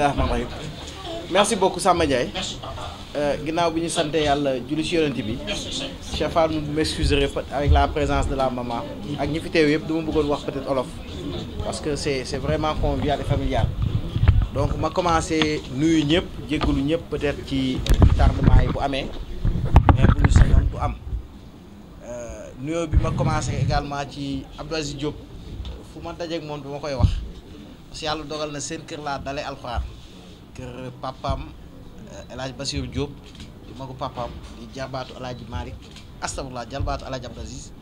bisimilah rahmaani rahiim merci beaucoup Samba Ndiaye euh, bi ñu sante yàlla julli ci yonent bi chef am vous m'excuserez avec la présence de la maman ak ñi fi teew yëpp dama bëggoon wax peut olof parce que c'est c'est vraiment convivial et familial donc ma commencé nuyu ñëpp jéggalu ñëpp peut-être ci tardement yi bu amee mais bu ñu sañoon du am euh, nuyoo bi ma commencé également ci Abdou Aziz fu ma dajeeg moom dama koy wax parce que yàlla dogal na seen kër laa dale alxuraan kër papaam eh, El Hadj Bassirou Diop ma ko papaam di jarbaatu El Hadj Malick astafurlah jarbaatu El Hadj Abdou Aziz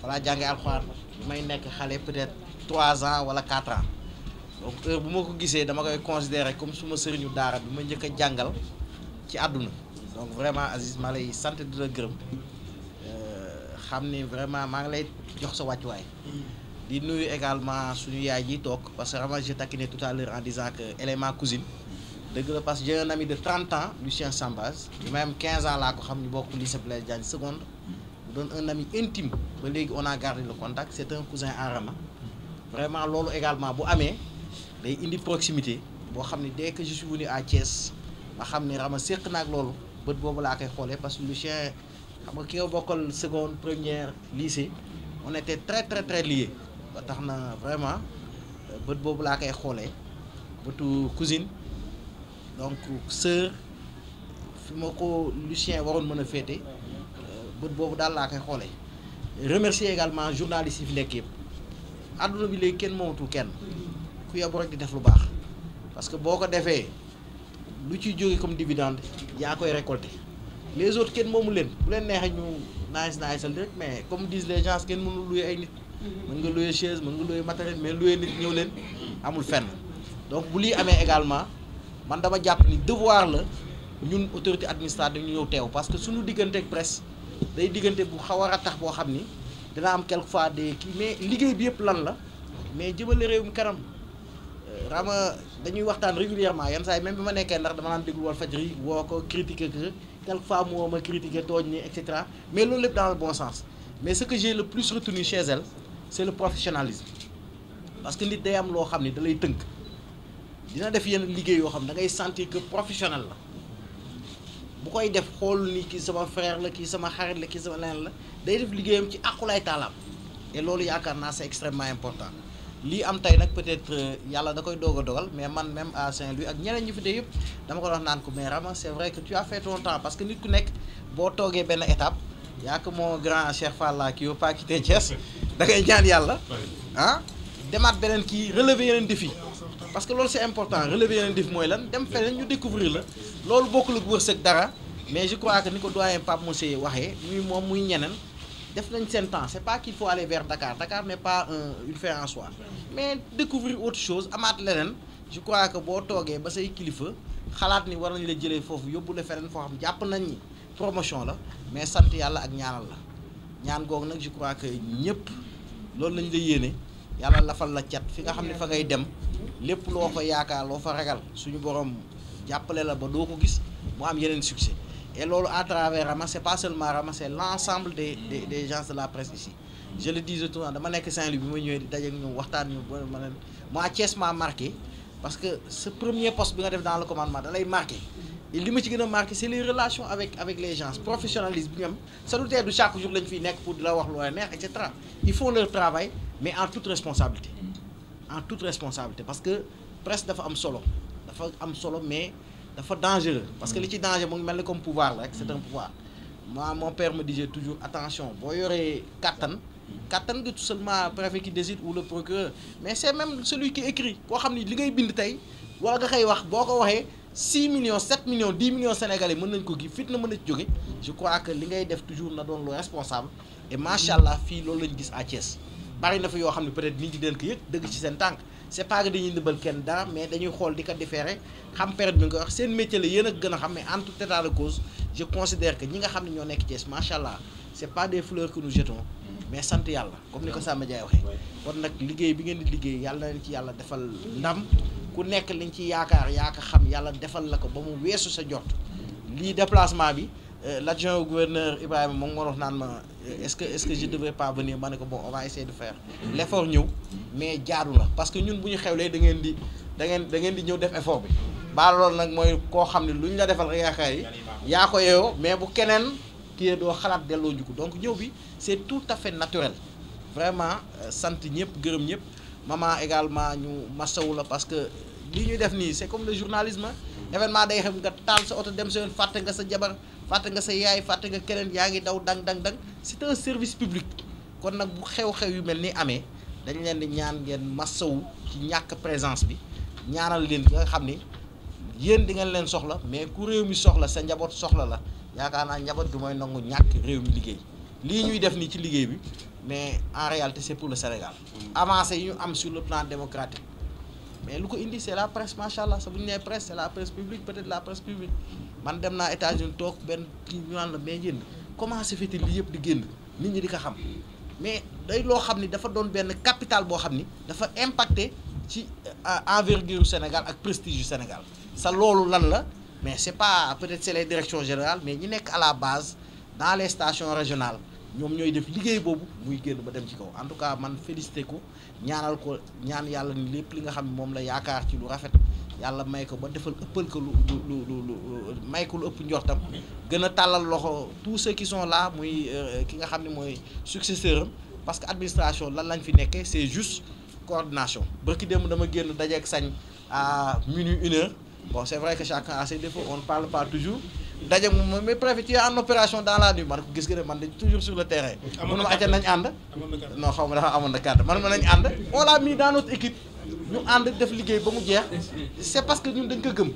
falaa jàngee alxuraan may nekk xale peut-être trois ans wala quatre ans donc heure bu ma ko gisee dama koy considérer comme suma sëriñu daara bi ma njëkk a jàngal ci àdduna donc vraiment Aziz maa lay sant di la gërëm eh, xam ni vraiment maa ngi lay jox sa wàccuwaay di nuyu également suñu yaay ji toog parce que vraiment j'ai taquiné tout à l'heure en disant que elle est dëgg la parce que j'ai un ami de 30 Lucien Sambaz même 15 ans laa ko xam ni bokk lycée Blaise Diagne doon un ami intime ba léegi on a gardé le contact c'est un cousin en rama vraiment loolu également bu amee day indi proximité boo xam ne dès que je suis venu à ma xam ne rama séq naag loolu bët boobu laa koy xoolee parce que Lucien xam nga ki nga bokkal seconde ba tax na vraiment euh, bët boobu laa koy xoolee bëtu cousine donc sœur fi ma ko Lucien waroon mën a féete euh, bët boobu daal laa koy xoolee. remercier également journalistes yi fi nekk yëpp àdduna bi léegi kenn moomatul kenn ku yabu rek di def lu baax parce que boo ko defee lu ci jóge comme dividende yaa koy récolter les autres kenn moomu leen bu leen neexee ñu nice nice rek mais comme disent les gens kenn mënul luy ay nit. Mhm. mën nga louer chaise mën nga louer matériel mais louer nit ñëw leen amul fenn donc bu lii amee également man dama jàpp ni devoir la ñun autorité administrative ñu ñëw teew parce que suñu diggante ak presse day diggante bu xaw a ratax boo xam ni dina am quelque fois de kii mais liggéey bi yëpp lan la mais jëmale réew mi kanam euh, rama dañuy waxtaan régulièrement yenn saa yi même bi ma nekkee ndax dama naan déglu Walfadjri woo ko critiquer que quelque fois mu woo ma critiquer le bon sens mais c'est le professionnalisme parce que nit day am loo xam ne da lay tënk dina def yenn liggéey yoo xam ne dangay ngay sentir que professionnel la bu koy def xool ni kii sama frère la kii sama xarit la kii sama leneen la day def liggéeyam ci àqulaay taalaam et loolu yaakaar naa c'est extrêmement important lii am tey nag peut-être euh, yàlla da koy doog a dogal mais man même à Saint-Louis ak ñeneen ñi fi de yëpp dama ko doon naan ko mais Rama c'est vrai que tu as parce que nit ku nekk boo toogee étape. yaa moo mon grand Cheikh Falla qui veut pas quitter Thiès da ngay ñaan yàlla ah demaat beneen kii relever yeneen défi parce que loolu c'est important relever yeneen défi mooy lan dem feneen ñu découvrir la loolu bokkul ak wërsëg dara mais je crois que ni ko doyen Pape Moussé waxee muy moom muy ñeneen def nañ seen temps c'est pas qu'il faut aller vers Dakar Dakar n'est pas un une fin en soi mais découvrir autre chose amaat leneen je crois que boo toogee ba say kilifa xalaat ni war nañ la jëlee foofu yóbbu la feneen foo xam jàpp nañ ni promotion la mais sant yàlla ak ñaanal la ñaan googu nag je crois que ñëpp loolu lañ la yéene yàlla lafal la cat fi nga xam ne fa ngay dem lépp loo fa yaakaar loo fa ragal suñu borom jàppale la ba doo ko gis moo am yeneen succès et loolu à travers Rama c'est pas seulement l'ensemble des des de la presse ici je le disais tout le temps dama nekk Saint-Louis bi ma ñëwee di dajeek ñoom waxtaan ñu ba ma leen moi Thiès m'a marqué parce que ce premier poste bi nga def dans lay marqué li ma ci gën a marqué c' est les relations avec avec les gens professionnalisme bi ñu am sa du tee du chaque jour lañ fiy nekk pour di la wax lu la neex et cetera ils font leur mais en toute responsabilité en toute responsabilité parce que presse dafa am solo dafa am solo mais dafa dangereux parce que li ci danger mu mel ni comme pouvoir la rek c' est un pouvoir moi mon père me disait toujours attention boo yoree kattan kattan gi tout seulement préfet qui décide ou le procureur mais c' est même celui koo xam ni li ngay bind tey wala nga koy wax boo ko waxee six millions sept millions dix millions sénégalais mën nañ ko gi fit na mën na ci je crois que li ngay def toujours na doon lu responsable et macha allah fii loolu lañ gis à Thiès bari na fa yoo xam ne peut-être nit ñi dañ ko yëg dëgg ci seen tànk c'est pas que dañuy ndëbal kenn dara mais dañuy xool di ko différer xam période bi nga wax seen métier la yéen a gën a xam mais en tout état je considère que ñi nga xam ne ñoo nekk Thiès macha allah c'est pas des fleurs que nous ni ko waxee kon nag bi ngeen di liggéey yàlla na leen ci yàlla defal ku nekk liñ ci yaakaar yaa ko xam yàlla defal la ko ba mu weesu sa jot lii déplacement bi euh, l'adjoint au gouverneur Ibrahima moom moo wax naan ma euh, est-ce que est-ce que je devrais pas venir ma ne ko bon on va essayer de faire l'effort ñëw mais jaadu la parce que ñun bu ñu xewlee da ngeen di dangeen da ngeen di ñëw def effort bi baa loolu nag mooy koo xam ne lu ñu la defal rek yaakaar yi yaa ko yeewoo mais bu keneen kii doo xalaat delloo ko donc ñëw bi c'est tout à fait naturel vraiment euh, sant ñëpp gërëm ñëpp maman également ñu masawu la parce que li ñuy def nii c'est comme le journalisme événement day xam nga taal sa oto dem sa yoon fàtte nga sa jabar fàtte nga sa yaay fàtte nga keneen yaa ngi daw dang dang dang c'est un service public kon nag bu xew-xew yu mel ni amee dañ leen di ñaan ngeen masawu ci ñàkk présence bi ñaanal leen nga xam ni yéen di ngeen leen soxla mais ku réew mi soxla sa njaboot soxla la yaakaar naa njaboot gi mooy nangu ñàkk réew mi liggéey lii ñuy def nii ci liggéey bi mais en réalité c'est pour le Sénégal. avancé yi ñu am sur le plan démocratique. mais lu ko indi c'est la presse macha allah sa bu ñu nee presse c'est la presse publique peut-être la presse publique man dem naa États-Unis toog benn kii ñu naan la mais génn comment se fait lii yëpp di génn nit ñi di ko xam mais day loo xam ni dafa doon benn capital boo xam ni dafa impacté ci euh, envergure Sénégal ak prestige yu Sénégal sa loolu lan la mais c'est pas peut-être c'est les directions générales mais ñi nekk à la base dans les stations régionales. ñoom ñooy def liggéey boobu muy génn ba dem ci kaw en tout cas man félicité ko ñaanal ko ñaan yàlla ni lépp li nga xam ne moom la yaakaar ci lu rafet yàlla may ko ba defal ëppal ko lu lu lu lu may ko lu ëpp njortam gën a tàllal loxo tous ceux qui sont là muy euh, ki nga xam ne mooy successeur am parce que administration lan lañ fi nekkee c'est juste coordination bërki démb dama génn dajeek sañ à minuit une heure bon c'est vrai que chacun a ses défauts on ne parle pas daje moom mais préfet tu en opération dans la nuit man ko gis nga ne man de toujours sur le terrain. amoon na carte nañ ànd. non xaw ma dafa amoon na carte man ma nañ ànd. on l'a mis dans équipe ñu ànd def liggéey ba mu jeex c'est parce que ñun dañ ko gëm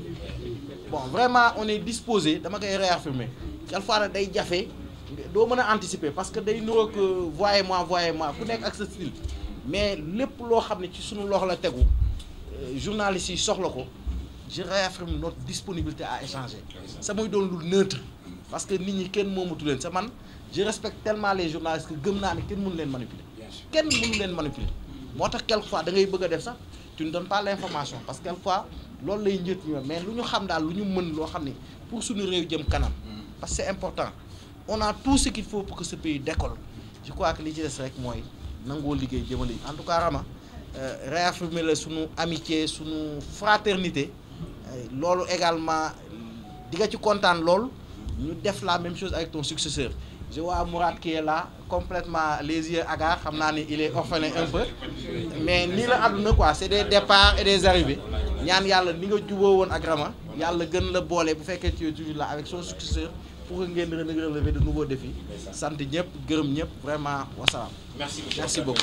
bon vraiment on est disposé dama koy réaffirmer na day jafe doo mën a anticiper parce que day niroog euh, voyez-moi voyez-moi ku nekk ak sa style mais lépp loo xam ne ci suñu loxo la tegu euh, journalistes yi soxla ko. je réaffirme notre disponibilité à échanger sa muy doon lu neutre parce que nit ñi kenn moomatu leen sa man je respecte tellement les journalistes que gëm naa ne kenn mun leen manipuler kenn mënu leen manipuler moo tax quelquefois da dangay bëgg def sax tu ne donnes information l'information parce que quelquefois loolu lay njët ñu mais lu ñu xam daal lu ñu mën loo xam ni pour suñu réew jëm kanam mm. parce que important on a tout ce qu'il pour que ce pays décolle je crois que li ci rek mooy nangoo liggéey jëmale en tout cas Rama euh, réaffirmer la suñu amitié suñu fraternité loolu également di nga ci kontaan loolu ñu def la même chose avec ton successeur je vois Mourad la est là complètement les yeux xam naa ni il est orphelin un peu mais nii la àdduna quoi c'est des départs et des arrivées ñaan yàlla ni nga juboo woon ak Rama yàlla gën la boole bu fekkee tu es toujours là avec son successeur pour que ngeen relever de nouveaux défis sant ñëpp gërëm ñëpp vraiment wasalaam. merci beaucoup